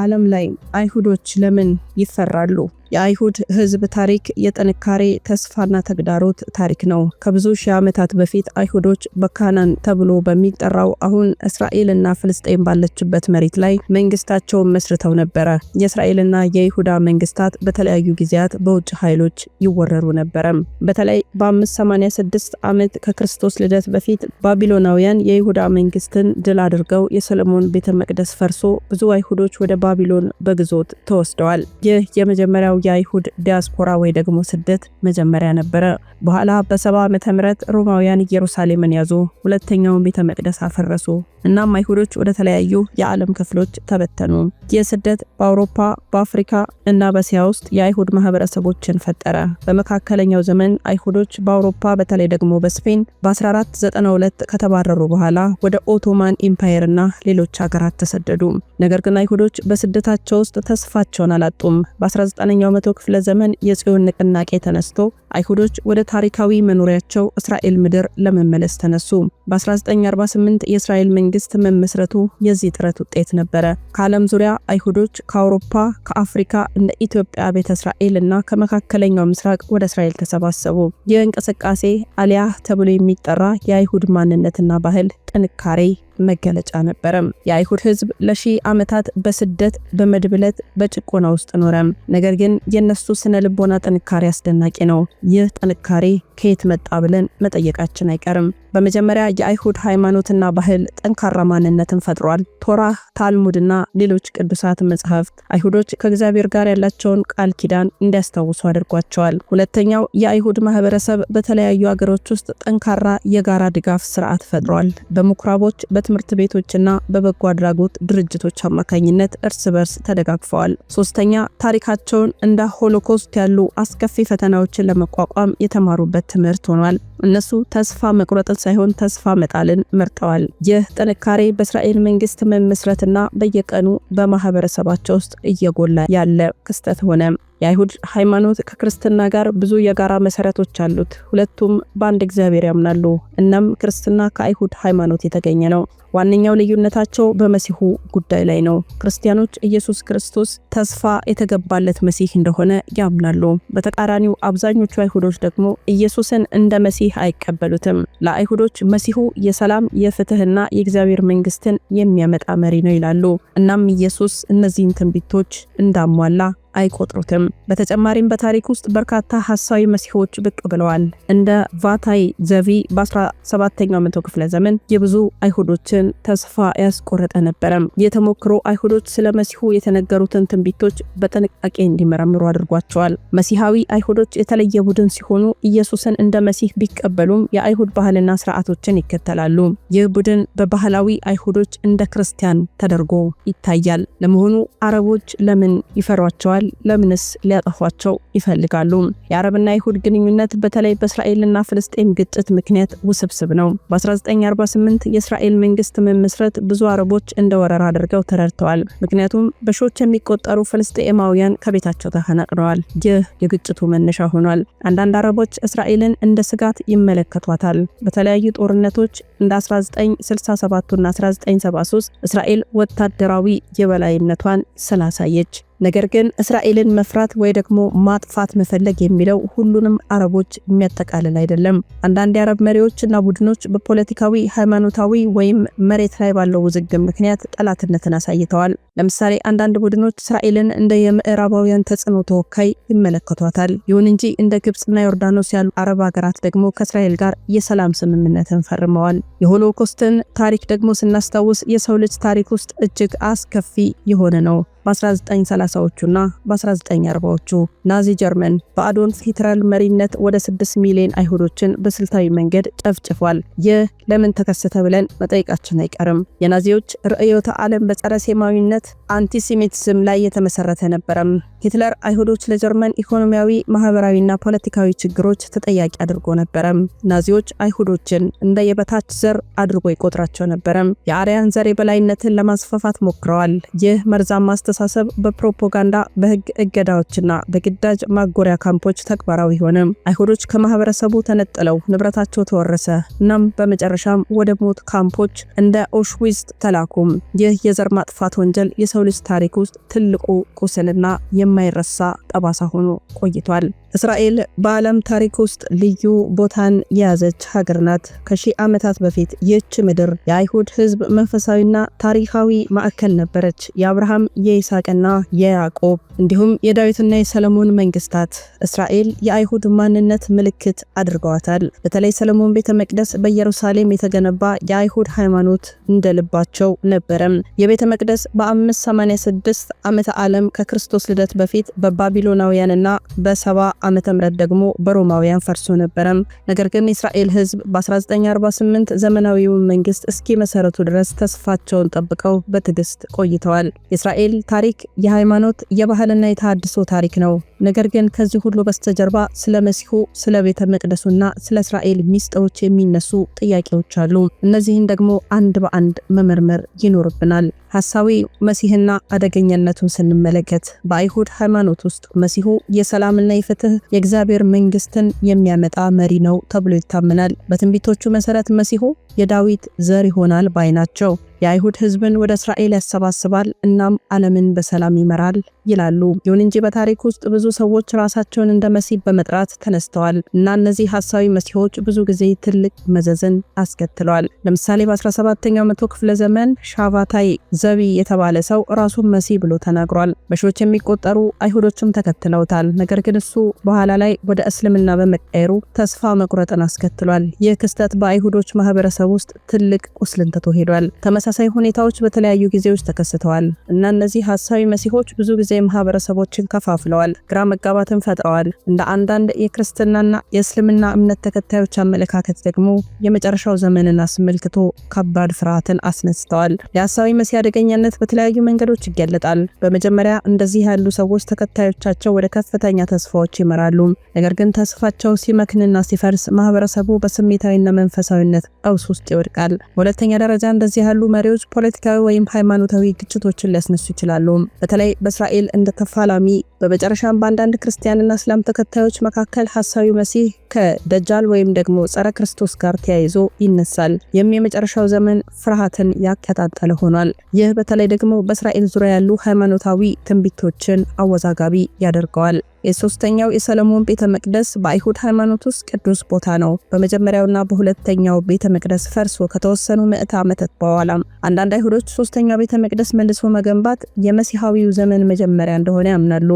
ዓለም ላይ አይሁዶች ለምን ይፈራሉ? የአይሁድ ሕዝብ ታሪክ የጥንካሬ ተስፋና ተግዳሮት ታሪክ ነው። ከብዙ ሺህ ዓመታት በፊት አይሁዶች በካናን ተብሎ በሚጠራው አሁን እስራኤልና ፍልስጤም ባለችበት መሬት ላይ መንግስታቸውን መስርተው ነበረ። የእስራኤልና የይሁዳ መንግስታት በተለያዩ ጊዜያት በውጭ ኃይሎች ይወረሩ ነበረም። በተለይ በ586 ዓመት ከክርስቶስ ልደት በፊት ባቢሎናውያን የይሁዳ መንግስትን ድል አድርገው የሰለሞን ቤተ መቅደስ ፈርሶ ብዙ አይሁዶች ወደ ባቢሎን በግዞት ተወስደዋል። ይህ የመጀመሪያው የአይሁድ ዲያስፖራ ወይ ደግሞ ስደት መጀመሪያ ነበረ። በኋላ በሰባ ዓመተ ምህረት ሮማውያን ኢየሩሳሌምን ያዙ፣ ሁለተኛውን ቤተ መቅደስ አፈረሱ። እናም አይሁዶች ወደ ተለያዩ የዓለም ክፍሎች ተበተኑ። ይህ ስደት በአውሮፓ በአፍሪካ እና በእስያ ውስጥ የአይሁድ ማህበረሰቦችን ፈጠረ። በመካከለኛው ዘመን አይሁዶች በአውሮፓ በተለይ ደግሞ በስፔን በ1492 ከተባረሩ በኋላ ወደ ኦቶማን ኢምፓየር እና ሌሎች ሀገራት ተሰደዱ። ነገር ግን አይሁዶች በስደታቸው ውስጥ ተስፋቸውን አላጡም። በ19ኛው መቶ ክፍለ ዘመን የጽዮን ንቅናቄ ተነስቶ አይሁዶች ወደ ታሪካዊ መኖሪያቸው እስራኤል ምድር ለመመለስ ተነሱ። በ1948 የእስራኤል መንግስት መመስረቱ የዚህ ጥረት ውጤት ነበረ። ከዓለም ዙሪያ አይሁዶች ከአውሮፓ፣ ከአፍሪካ እንደ ኢትዮጵያ፣ ቤተ እስራኤል እና ከመካከለኛው ምስራቅ ወደ እስራኤል ተሰባሰቡ። ይህ እንቅስቃሴ አሊያህ ተብሎ የሚጠራ የአይሁድ ማንነትና ባህል ጥንካሬ መገለጫ ነበረም። የአይሁድ ህዝብ ለሺህ ዓመታት በስደት በመድብለት በጭቆና ውስጥ ኖረም። ነገር ግን የእነሱ ስነ ልቦና ጥንካሬ አስደናቂ ነው። ይህ ጥንካሬ ከየት መጣ ብለን መጠየቃችን አይቀርም። በመጀመሪያ የአይሁድ ሃይማኖትና ባህል ጠንካራ ማንነትን ፈጥሯል። ቶራ፣ ታልሙድና ሌሎች ቅዱሳት መጽሐፍት አይሁዶች ከእግዚአብሔር ጋር ያላቸውን ቃል ኪዳን እንዲያስታውሱ አድርጓቸዋል። ሁለተኛው የአይሁድ ማህበረሰብ በተለያዩ አገሮች ውስጥ ጠንካራ የጋራ ድጋፍ ስርዓት ፈጥሯል። በምኩራቦች፣ በትምህርት ቤቶችና በበጎ አድራጎት ድርጅቶች አማካኝነት እርስ በርስ ተደጋግፈዋል። ሶስተኛ ታሪካቸውን እንደ ሆሎኮስት ያሉ አስከፊ ፈተናዎችን ለመቋቋም የተማሩበት ትምህርት ሆኗል። እነሱ ተስፋ መቁረጥን ሳይሆን ተስፋ መጣልን መርጠዋል። ይህ ጥንካሬ በእስራኤል መንግስት መመስረትና በየቀኑ በማህበረሰባቸው ውስጥ እየጎላ ያለ ክስተት ሆነ። የአይሁድ ሃይማኖት ከክርስትና ጋር ብዙ የጋራ መሰረቶች አሉት። ሁለቱም በአንድ እግዚአብሔር ያምናሉ። እናም ክርስትና ከአይሁድ ሃይማኖት የተገኘ ነው። ዋነኛው ልዩነታቸው በመሲሁ ጉዳይ ላይ ነው። ክርስቲያኖች ኢየሱስ ክርስቶስ ተስፋ የተገባለት መሲህ እንደሆነ ያምናሉ። በተቃራኒው አብዛኞቹ አይሁዶች ደግሞ ኢየሱስን እንደ መሲህ አይቀበሉትም። ለአይሁዶች መሲሁ የሰላም የፍትህና የእግዚአብሔር መንግስትን የሚያመጣ መሪ ነው ይላሉ። እናም ኢየሱስ እነዚህን ትንቢቶች እንዳሟላ አይቆጥሩትም። በተጨማሪም በታሪክ ውስጥ በርካታ ሐሳዊ መሲሆች ብቅ ብለዋል። እንደ ቫታይ ዘቪ በ17ኛው መቶ ክፍለ ዘመን የብዙ አይሁዶችን ተስፋ ያስቆረጠ ነበረም። የተሞክሮ አይሁዶች ስለ መሲሁ የተነገሩትን ትንቢቶች በጥንቃቄ እንዲመረምሩ አድርጓቸዋል። መሲሐዊ አይሁዶች የተለየ ቡድን ሲሆኑ ኢየሱስን እንደ መሲህ ቢቀበሉም የአይሁድ ባህልና ስርዓቶችን ይከተላሉ። ይህ ቡድን በባህላዊ አይሁዶች እንደ ክርስቲያን ተደርጎ ይታያል። ለመሆኑ አረቦች ለምን ይፈሯቸዋል? ይገባል? ለምንስ ሊያጠፏቸው ይፈልጋሉ? የአረብና ይሁድ ግንኙነት በተለይ በእስራኤልና ፍልስጤም ግጭት ምክንያት ውስብስብ ነው። በ1948 የእስራኤል መንግስት መመስረት ብዙ አረቦች እንደ ወረራ አድርገው ተረድተዋል። ምክንያቱም በሺዎች የሚቆጠሩ ፍልስጤማውያን ከቤታቸው ተፈናቅለዋል። ይህ የግጭቱ መነሻ ሆኗል። አንዳንድ አረቦች እስራኤልን እንደ ስጋት ይመለከቷታል። በተለያዩ ጦርነቶች እንደ 1967ና 1973 እስራኤል ወታደራዊ የበላይነቷን ስላሳየች ነገር ግን እስራኤልን መፍራት ወይ ደግሞ ማጥፋት መፈለግ የሚለው ሁሉንም አረቦች የሚያጠቃልል አይደለም። አንዳንድ የአረብ መሪዎችና ቡድኖች በፖለቲካዊ፣ ሃይማኖታዊ ወይም መሬት ላይ ባለው ውዝግብ ምክንያት ጠላትነትን አሳይተዋል። ለምሳሌ አንዳንድ ቡድኖች እስራኤልን እንደ የምዕራባውያን ተጽዕኖ ተወካይ ይመለከቷታል። ይሁን እንጂ እንደ ግብፅና ዮርዳኖስ ያሉ አረብ ሀገራት ደግሞ ከእስራኤል ጋር የሰላም ስምምነትን ፈርመዋል። የሆሎኮስትን ታሪክ ደግሞ ስናስታውስ የሰው ልጅ ታሪክ ውስጥ እጅግ አስከፊ የሆነ ነው በ1930 በ1930ዎቹና በ1940ዎቹ ናዚ ጀርመን በአዶልፍ ሂትለር መሪነት ወደ 6 ሚሊዮን አይሁዶችን በስልታዊ መንገድ ጨፍጭፏል። ይህ ለምን ተከሰተ ብለን መጠይቃችን አይቀርም። የናዚዎች ርዕዮተ ዓለም በጸረ ሴማዊነት አንቲሴሚቲዝም ላይ የተመሰረተ ነበረም። ሂትለር አይሁዶች ለጀርመን ኢኮኖሚያዊ፣ ማህበራዊና ፖለቲካዊ ችግሮች ተጠያቂ አድርጎ ነበረም። ናዚዎች አይሁዶችን እንደ የበታች ዘር አድርጎ ይቆጥራቸው ነበረም። የአርያን ዘር የበላይነትን ለማስፋፋት ሞክረዋል። ይህ መርዛማ አስተሳሰብ በፕሮፓጋንዳ በህግ እገዳዎችና በግዳጅ ማጎሪያ ካምፖች ተግባራዊ ሆነም። አይሁዶች ከማህበረሰቡ ተነጥለው ንብረታቸው ተወረሰ። እናም በመጨረሻም ወደ ሞት ካምፖች እንደ ኦሽዊዝ ተላኩም። ይህ የዘር ማጥፋት ወንጀል የሰው ልጅ ታሪክ ውስጥ ትልቁ ቁስልና የማይረሳ ጠባሳ ሆኖ ቆይቷል። እስራኤል በዓለም ታሪክ ውስጥ ልዩ ቦታን የያዘች ሀገር ናት። ከሺህ ዓመታት በፊት ይህች ምድር የአይሁድ ሕዝብ መንፈሳዊና ታሪካዊ ማዕከል ነበረች። የአብርሃም የይስሐቅና የያዕቆብ እንዲሁም የዳዊትና የሰለሞን መንግስታት እስራኤል የአይሁድ ማንነት ምልክት አድርገዋታል። በተለይ ሰለሞን ቤተ መቅደስ በኢየሩሳሌም የተገነባ የአይሁድ ሃይማኖት እንደልባቸው ነበረም። የቤተ መቅደስ በ586 ዓመተ ዓለም ከክርስቶስ ልደት በፊት በባቢሎናውያንና በሰባ ዓመተ ምህረት ደግሞ በሮማውያን ፈርሶ ነበረም። ነገር ግን የእስራኤል ህዝብ በ1948 ዘመናዊው መንግስት እስኪ መሰረቱ ድረስ ተስፋቸውን ጠብቀው በትዕግስት ቆይተዋል። የእስራኤል ታሪክ የሃይማኖት የባህልና የተሃድሶ ታሪክ ነው። ነገር ግን ከዚህ ሁሉ በስተጀርባ ስለ መሲሁ፣ ስለ ቤተ መቅደሱና ስለ እስራኤል ሚስጥሮች የሚነሱ ጥያቄዎች አሉ። እነዚህን ደግሞ አንድ በአንድ መመርመር ይኖርብናል። ሐሳዊ መሲህና አደገኛነቱን ስንመለከት በአይሁድ ሃይማኖት ውስጥ መሲሁ የሰላምና የፍትህ የእግዚአብሔር መንግስትን የሚያመጣ መሪ ነው ተብሎ ይታመናል። በትንቢቶቹ መሰረት መሲሁ የዳዊት ዘር ይሆናል ባይ ናቸው። የአይሁድ ህዝብን ወደ እስራኤል ያሰባስባል እናም ዓለምን በሰላም ይመራል ይላሉ። ይሁን እንጂ በታሪክ ውስጥ ብዙ ሰዎች ራሳቸውን እንደ መሲህ በመጥራት ተነስተዋል እና እነዚህ ሀሳዊ መሲሆች ብዙ ጊዜ ትልቅ መዘዝን አስከትለዋል። ለምሳሌ በ17ኛው መቶ ክፍለ ዘመን ሻቫታይ ዘቢ የተባለ ሰው ራሱን መሲህ ብሎ ተናግሯል። በሺዎች የሚቆጠሩ አይሁዶችም ተከትለውታል። ነገር ግን እሱ በኋላ ላይ ወደ እስልምና በመቀየሩ ተስፋ መቁረጥን አስከትሏል። ይህ ክስተት በአይሁዶች ማህበረሰብ ውስጥ ትልቅ ቁስልን ትቶ ሄዷል። ተመሳሳይ ሁኔታዎች በተለያዩ ጊዜዎች ተከስተዋል እና እነዚህ ሀሳዊ መሲሆች ብዙ ጊዜ ማህበረሰቦችን ከፋፍለዋል፣ ግራ መጋባትን ፈጥረዋል። እንደ አንዳንድ የክርስትናና የእስልምና እምነት ተከታዮች አመለካከት ደግሞ የመጨረሻው ዘመንን አስመልክቶ ከባድ ፍርሃትን አስነስተዋል። የሀሳዊ መሲህ አደገኛነት በተለያዩ መንገዶች ይገለጣል። በመጀመሪያ እንደዚህ ያሉ ሰዎች ተከታዮቻቸው ወደ ከፍተኛ ተስፋዎች ይመራሉ። ነገር ግን ተስፋቸው ሲመክንና ሲፈርስ ማህበረሰቡ በስሜታዊና መንፈሳዊነት ቀውስ ውስጥ ይወድቃል። በሁለተኛ ደረጃ እንደዚህ ያሉ መሪዎች ፖለቲካዊ ወይም ሃይማኖታዊ ግጭቶችን ሊያስነሱ ይችላሉ። በተለይ በእስራኤል እንደ ተፋላሚ በመጨረሻም በአንዳንድ ክርስቲያንና እስላም ተከታዮች መካከል ሐሳዊ መሲህ ከደጃል ወይም ደግሞ ጸረ ክርስቶስ ጋር ተያይዞ ይነሳል። ይህም የመጨረሻው ዘመን ፍርሃትን ያቀጣጠለ ሆኗል። ይህ በተለይ ደግሞ በእስራኤል ዙሪያ ያሉ ሃይማኖታዊ ትንቢቶችን አወዛጋቢ ያደርገዋል። የሶስተኛው የሰለሞን ቤተ መቅደስ በአይሁድ ሃይማኖት ውስጥ ቅዱስ ቦታ ነው። በመጀመሪያውና በሁለተኛው ቤተ መቅደስ ፈርሶ ከተወሰኑ ምዕተ ዓመታት በኋላ አንዳንድ አይሁዶች ሶስተኛው ቤተ መቅደስ መልሶ መገንባት የመሲሐዊው ዘመን መጀመሪያ እንደሆነ ያምናሉ።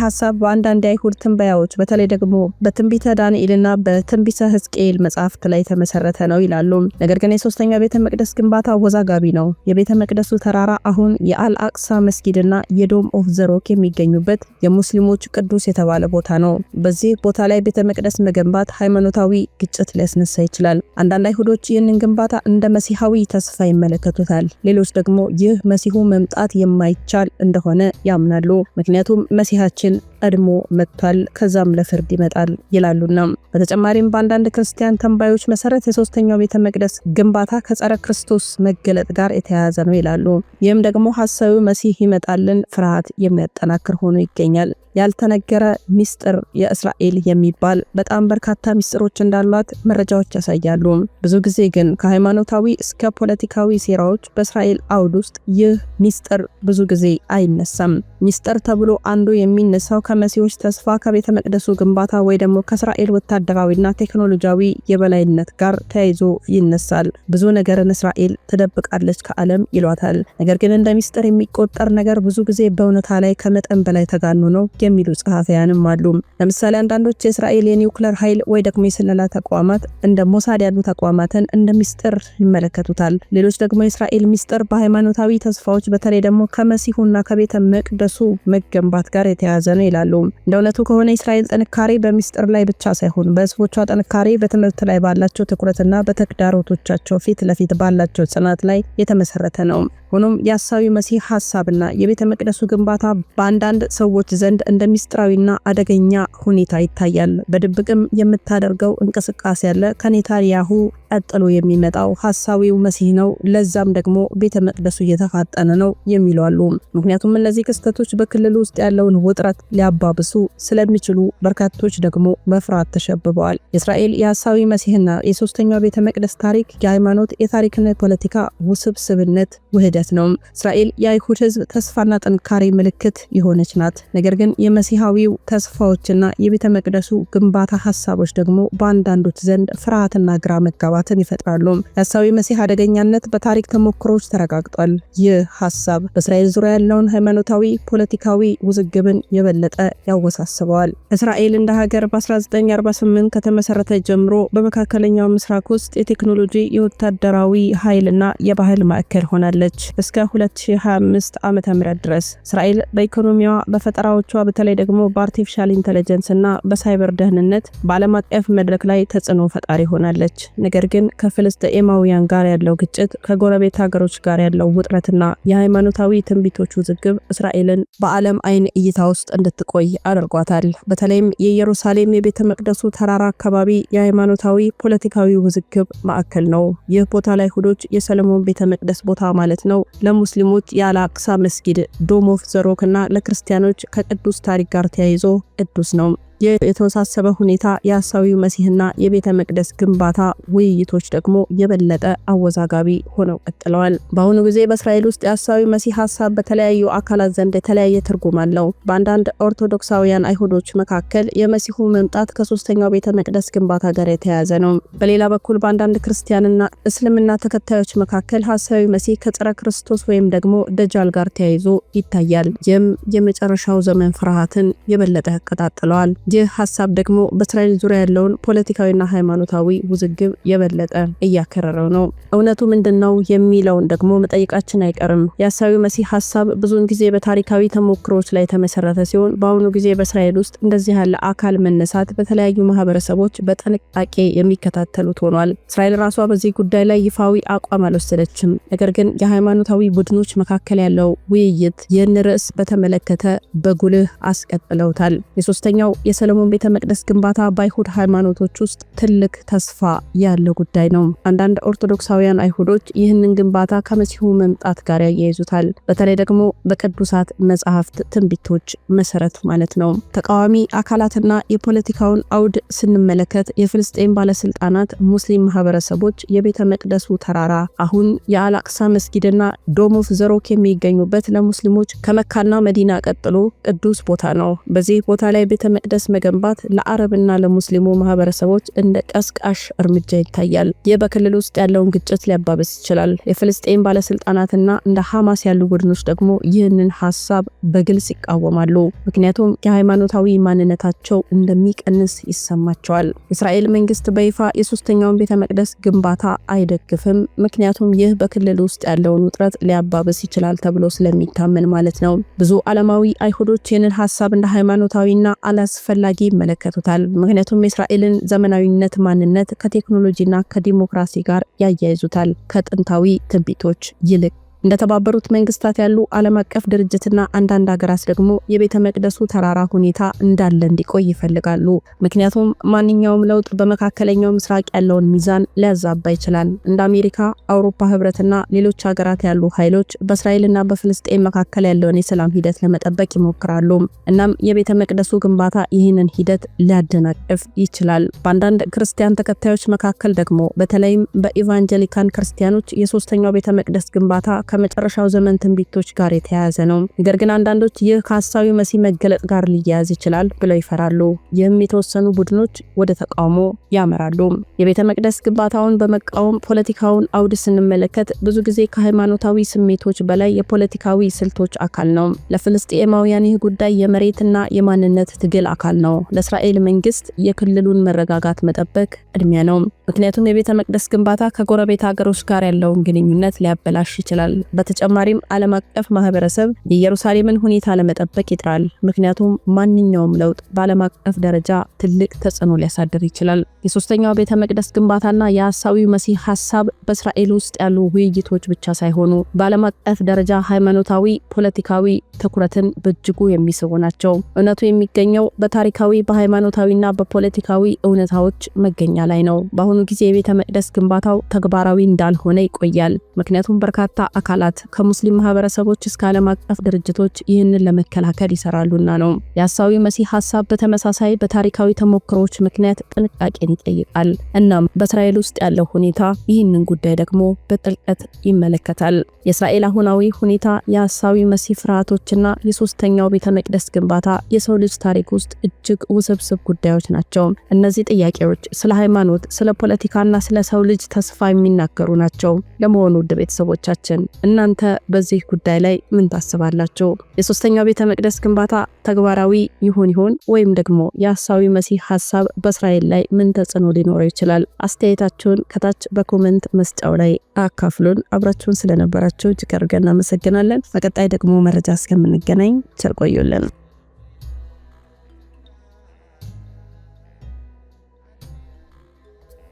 ሀሳብ በአንዳንድ አይሁድ ትንበያዎች በተለይ ደግሞ በትንቢተ ዳንኤልና በትንቢተ ህዝቅኤል መጽሐፍት ላይ የተመሰረተ ነው ይላሉ። ነገር ግን የሶስተኛ ቤተ መቅደስ ግንባታ አወዛጋቢ ነው። የቤተ መቅደሱ ተራራ አሁን የአልአቅሳ መስጊድና የዶም ኦፍ ዘሮክ የሚገኙበት የሙስሊሞች ቅዱስ የተባለ ቦታ ነው። በዚህ ቦታ ላይ ቤተ መቅደስ መገንባት ሃይማኖታዊ ግጭት ሊያስነሳ ይችላል። አንዳንድ አይሁዶች ይህንን ግንባታ እንደ መሲሐዊ ተስፋ ይመለከቱታል። ሌሎች ደግሞ ይህ መሲሁ መምጣት የማይቻል እንደሆነ ያምናሉ። ምክንያቱም መሲ ጌታችን ቀድሞ መጥቷል፣ ከዛም ለፍርድ ይመጣል ይላሉና በተጨማሪም በአንዳንድ ክርስቲያን ተንባዮች መሰረት የሶስተኛው ቤተ መቅደስ ግንባታ ከጸረ ክርስቶስ መገለጥ ጋር የተያያዘ ነው ይላሉ። ይህም ደግሞ ሀሳዊ መሲህ ይመጣልን ፍርሃት የሚያጠናክር ሆኖ ይገኛል። ያልተነገረ ሚስጥር የእስራኤል የሚባል በጣም በርካታ ሚስጥሮች እንዳሏት መረጃዎች ያሳያሉ። ብዙ ጊዜ ግን ከሃይማኖታዊ እስከ ፖለቲካዊ ሴራዎች በእስራኤል አውድ ውስጥ ይህ ሚስጥር ብዙ ጊዜ አይነሳም። ሚስጥር ተብሎ አንዱ የሚነሳው ከመሲዎች ተስፋ ከቤተ መቅደሱ ግንባታ ወይ ደግሞ ከእስራኤል ወታደራዊና ቴክኖሎጂያዊ የበላይነት ጋር ተያይዞ ይነሳል። ብዙ ነገርን እስራኤል ትደብቃለች ከዓለም ይሏታል። ነገር ግን እንደ ሚስጥር የሚቆጠር ነገር ብዙ ጊዜ በእውነታ ላይ ከመጠን በላይ ተጋኖ ነው የሚሉ ጸሐፊያንም አሉ። ለምሳሌ አንዳንዶች የእስራኤል የኒውክለር ኃይል ወይ ደግሞ የስለላ ተቋማት እንደ ሞሳድ ያሉ ተቋማትን እንደ ሚስጥር ይመለከቱታል። ሌሎች ደግሞ የእስራኤል ሚስጥር በሃይማኖታዊ ተስፋዎች በተለይ ደግሞ ከመሲሁና ከቤተ መቅደሱ መገንባት ጋር የተያያዘ ነው ይላል። ይላሉ። እንደ እውነቱ ከሆነ እስራኤል ጥንካሬ በሚስጥር ላይ ብቻ ሳይሆን በህዝቦቿ ጥንካሬ፣ በትምህርት ላይ ባላቸው ትኩረትና በተግዳሮቶቻቸው ፊት ለፊት ባላቸው ጽናት ላይ የተመሰረተ ነው። ሆኖም የአሳዊ መሲህ ሀሳብና የቤተ መቅደሱ ግንባታ በአንዳንድ ሰዎች ዘንድ እንደ ሚስጥራዊና አደገኛ ሁኔታ ይታያል። በድብቅም የምታደርገው እንቅስቃሴ ያለ ከኔታንያሁ ቀጥሎ የሚመጣው ሀሳዊው መሲህ ነው፣ ለዛም ደግሞ ቤተ መቅደሱ እየተፋጠነ ነው የሚሉ አሉ። ምክንያቱም እነዚህ ክስተቶች በክልሉ ውስጥ ያለውን ውጥረት ሊያባብሱ ስለሚችሉ በርካቶች ደግሞ መፍራት ተሸብበዋል። የእስራኤል የሀሳዊ መሲህና የሶስተኛው ቤተ መቅደስ ታሪክ የሃይማኖት የታሪክና የፖለቲካ ውስብስብነት ውህደ ሂደት ነው። እስራኤል የአይሁድ ህዝብ ተስፋና ጥንካሬ ምልክት የሆነች ናት። ነገር ግን የመሲሐዊው ተስፋዎችና የቤተ መቅደሱ ግንባታ ሀሳቦች ደግሞ በአንዳንዶች ዘንድ ፍርሃትና ግራ መጋባትን ይፈጥራሉ። የሐሳዊ መሲህ አደገኛነት በታሪክ ተሞክሮች ተረጋግጧል። ይህ ሀሳብ በእስራኤል ዙሪያ ያለውን ሃይማኖታዊ፣ ፖለቲካዊ ውዝግብን የበለጠ ያወሳስበዋል። እስራኤል እንደ ሀገር በ1948 ከተመሰረተ ጀምሮ በመካከለኛው ምስራቅ ውስጥ የቴክኖሎጂ፣ የወታደራዊ ኃይልና የባህል ማዕከል ሆናለች። እስከ 2025 ዓ ም ድረስ እስራኤል በኢኮኖሚዋ በፈጠራዎቿ በተለይ ደግሞ በአርቲፊሻል ኢንቴሊጀንስ እና በሳይበር ደህንነት በዓለም አቀፍ መድረክ ላይ ተጽዕኖ ፈጣሪ ሆናለች። ነገር ግን ከፍልስጤማውያን ጋር ያለው ግጭት፣ ከጎረቤት ሀገሮች ጋር ያለው ውጥረትና የሃይማኖታዊ ትንቢቶች ውዝግብ እስራኤልን በዓለም አይን እይታ ውስጥ እንድትቆይ አድርጓታል። በተለይም የኢየሩሳሌም የቤተ መቅደሱ ተራራ አካባቢ የሃይማኖታዊ ፖለቲካዊ ውዝግብ ማዕከል ነው። ይህ ቦታ ላይ አይሁዶች የሰለሞን ቤተ መቅደስ ቦታ ማለት ነው ነው። ለሙስሊሞች የአልአቅሳ መስጊድ ዶም ኦፍ ዘሮክ እና ለክርስቲያኖች ከቅዱስ ታሪክ ጋር ተያይዞ ቅዱስ ነው። የተወሳሰበ ሁኔታ የሐሳዊው መሲህና የቤተ መቅደስ ግንባታ ውይይቶች ደግሞ የበለጠ አወዛጋቢ ሆነው ቀጥለዋል። በአሁኑ ጊዜ በእስራኤል ውስጥ የሐሳዊ መሲህ ሀሳብ በተለያዩ አካላት ዘንድ የተለያየ ትርጉም አለው። በአንዳንድ ኦርቶዶክሳውያን አይሁዶች መካከል የመሲሁ መምጣት ከሶስተኛው ቤተ መቅደስ ግንባታ ጋር የተያያዘ ነው። በሌላ በኩል በአንዳንድ ክርስቲያንና እስልምና ተከታዮች መካከል ሀሳዊ መሲህ ከጸረ ክርስቶስ ወይም ደግሞ ደጃል ጋር ተያይዞ ይታያል። ይህም የመጨረሻው ዘመን ፍርሃትን የበለጠ ያቀጣጥለዋል። ይህ ሀሳብ ደግሞ በእስራኤል ዙሪያ ያለውን ፖለቲካዊና ሃይማኖታዊ ውዝግብ የበለጠ እያከረረው ነው። እውነቱ ምንድን ነው የሚለውን ደግሞ መጠየቃችን አይቀርም። የአሳዊ መሲህ ሀሳብ ብዙውን ጊዜ በታሪካዊ ተሞክሮች ላይ የተመሰረተ ሲሆን በአሁኑ ጊዜ በእስራኤል ውስጥ እንደዚህ ያለ አካል መነሳት በተለያዩ ማህበረሰቦች በጥንቃቄ የሚከታተሉት ሆኗል። እስራኤል ራሷ በዚህ ጉዳይ ላይ ይፋዊ አቋም አልወሰደችም። ነገር ግን የሃይማኖታዊ ቡድኖች መካከል ያለው ውይይት ይህን ርዕስ በተመለከተ በጉልህ አስቀጥለውታል። የሶስተኛው የሰለሞን ቤተ መቅደስ ግንባታ በአይሁድ ሃይማኖቶች ውስጥ ትልቅ ተስፋ ያለ ጉዳይ ነው። አንዳንድ ኦርቶዶክሳውያን አይሁዶች ይህንን ግንባታ ከመሲሁ መምጣት ጋር ያያይዙታል። በተለይ ደግሞ በቅዱሳት መጽሐፍት ትንቢቶች መሰረት ማለት ነው። ተቃዋሚ አካላትና የፖለቲካውን አውድ ስንመለከት የፍልስጤን ባለስልጣናት ሙስሊም ማህበረሰቦች የቤተ መቅደሱ ተራራ አሁን የአላቅሳ መስጊድና ዶም ኦፍ ዘሮክ የሚገኙበት ለሙስሊሞች ከመካና መዲና ቀጥሎ ቅዱስ ቦታ ነው። በዚህ ቦታ ላይ ቤተ መቅደስ መገንባት ለአረብና ለሙስሊሙ ማህበረሰቦች እንደ ቀስቃሽ እርምጃ ይታያል። ይህ በክልል ውስጥ ያለውን ግጭት ሊያባብስ ይችላል። የፍልስጤን ባለስልጣናትና እንደ ሐማስ ያሉ ቡድኖች ደግሞ ይህንን ሀሳብ በግልጽ ይቃወማሉ። ምክንያቱም የሃይማኖታዊ ማንነታቸው እንደሚቀንስ ይሰማቸዋል። የእስራኤል መንግስት በይፋ የሶስተኛውን ቤተ መቅደስ ግንባታ አይደግፍም፣ ምክንያቱም ይህ በክልል ውስጥ ያለውን ውጥረት ሊያባብስ ይችላል ተብሎ ስለሚታመን ማለት ነው። ብዙ ዓለማዊ አይሁዶች ይህንን ሀሳብ እንደ ሃይማኖታዊና አላስፈ አስፈላጊ ይመለከቱታል። ምክንያቱም የእስራኤልን ዘመናዊነት ማንነት ከቴክኖሎጂና ከዲሞክራሲ ጋር ያያይዙታል ከጥንታዊ ትንቢቶች ይልቅ እንደተባበሩት መንግስታት ያሉ ዓለም አቀፍ ድርጅትና አንዳንድ ሀገራት ደግሞ የቤተ መቅደሱ ተራራ ሁኔታ እንዳለ እንዲቆይ ይፈልጋሉ። ምክንያቱም ማንኛውም ለውጥ በመካከለኛው ምስራቅ ያለውን ሚዛን ሊያዛባ ይችላል። እንደ አሜሪካ፣ አውሮፓ ህብረትና ሌሎች ሀገራት ያሉ ኃይሎች በእስራኤልና በፍልስጤን መካከል ያለውን የሰላም ሂደት ለመጠበቅ ይሞክራሉ። እናም የቤተ መቅደሱ ግንባታ ይህንን ሂደት ሊያደናቅፍ ይችላል። በአንዳንድ ክርስቲያን ተከታዮች መካከል ደግሞ በተለይም በኢቫንጀሊካን ክርስቲያኖች የሶስተኛው ቤተ መቅደስ ግንባታ ከመጨረሻው ዘመን ትንቢቶች ጋር የተያያዘ ነው። ነገር ግን አንዳንዶች ይህ ከሐሳዊ መሲህ መገለጥ ጋር ሊያያዝ ይችላል ብለው ይፈራሉ። ይህም የተወሰኑ ቡድኖች ወደ ተቃውሞ ያመራሉ። የቤተ መቅደስ ግንባታውን በመቃወም ፖለቲካውን አውድ ስንመለከት ብዙ ጊዜ ከሃይማኖታዊ ስሜቶች በላይ የፖለቲካዊ ስልቶች አካል ነው። ለፍልስጤማውያን ይህ ጉዳይ የመሬትና የማንነት ትግል አካል ነው። ለእስራኤል መንግስት የክልሉን መረጋጋት መጠበቅ ቅድሚያ ነው። ምክንያቱም የቤተ መቅደስ ግንባታ ከጎረቤት ሀገሮች ጋር ያለውን ግንኙነት ሊያበላሽ ይችላል። ይችላል። በተጨማሪም ዓለም አቀፍ ማህበረሰብ የኢየሩሳሌምን ሁኔታ ለመጠበቅ ይጥራል፣ ምክንያቱም ማንኛውም ለውጥ በዓለም አቀፍ ደረጃ ትልቅ ተጽዕኖ ሊያሳድር ይችላል። የሶስተኛው ቤተ መቅደስ ግንባታና የሐሳዊው መሲህ ሐሳብ በእስራኤል ውስጥ ያሉ ውይይቶች ብቻ ሳይሆኑ በዓለም አቀፍ ደረጃ ሃይማኖታዊ፣ ፖለቲካዊ ትኩረትን በእጅጉ የሚስቡ ናቸው። እውነቱ የሚገኘው በታሪካዊ በሃይማኖታዊና በፖለቲካዊ እውነታዎች መገኛ ላይ ነው። በአሁኑ ጊዜ የቤተ መቅደስ ግንባታው ተግባራዊ እንዳልሆነ ይቆያል፣ ምክንያቱም በርካታ አካላት ከሙስሊም ማህበረሰቦች እስከ ዓለም አቀፍ ድርጅቶች ይህንን ለመከላከል ይሰራሉና ነው። የሐሳዊ መሲህ ሀሳብ በተመሳሳይ በታሪካዊ ተሞክሮዎች ምክንያት ጥንቃቄን ይጠይቃል። እናም በእስራኤል ውስጥ ያለው ሁኔታ ይህንን ጉዳይ ደግሞ በጥልቀት ይመለከታል። የእስራኤል አሁናዊ ሁኔታ፣ የሐሳዊ መሲህ ፍርሃቶችና የሶስተኛው ቤተ መቅደስ ግንባታ የሰው ልጅ ታሪክ ውስጥ እጅግ ውስብስብ ጉዳዮች ናቸው። እነዚህ ጥያቄዎች ስለ ሃይማኖት፣ ስለ ፖለቲካና ስለ ሰው ልጅ ተስፋ የሚናገሩ ናቸው። ለመሆኑ ውድ ቤተሰቦቻችን እናንተ በዚህ ጉዳይ ላይ ምን ታስባላችሁ? የሶስተኛው ቤተ መቅደስ ግንባታ ተግባራዊ ይሆን ይሆን ወይም ደግሞ የሐሳዊ መሲህ ሀሳብ በእስራኤል ላይ ምን ተጽዕኖ ሊኖረው ይችላል? አስተያየታችሁን ከታች በኮመንት መስጫው ላይ አካፍሉን። አብራችሁን ስለነበራችሁ እጅግ አድርገን እናመሰግናለን። በቀጣይ ደግሞ መረጃ እስከምንገናኝ ቸር ቆዩልን።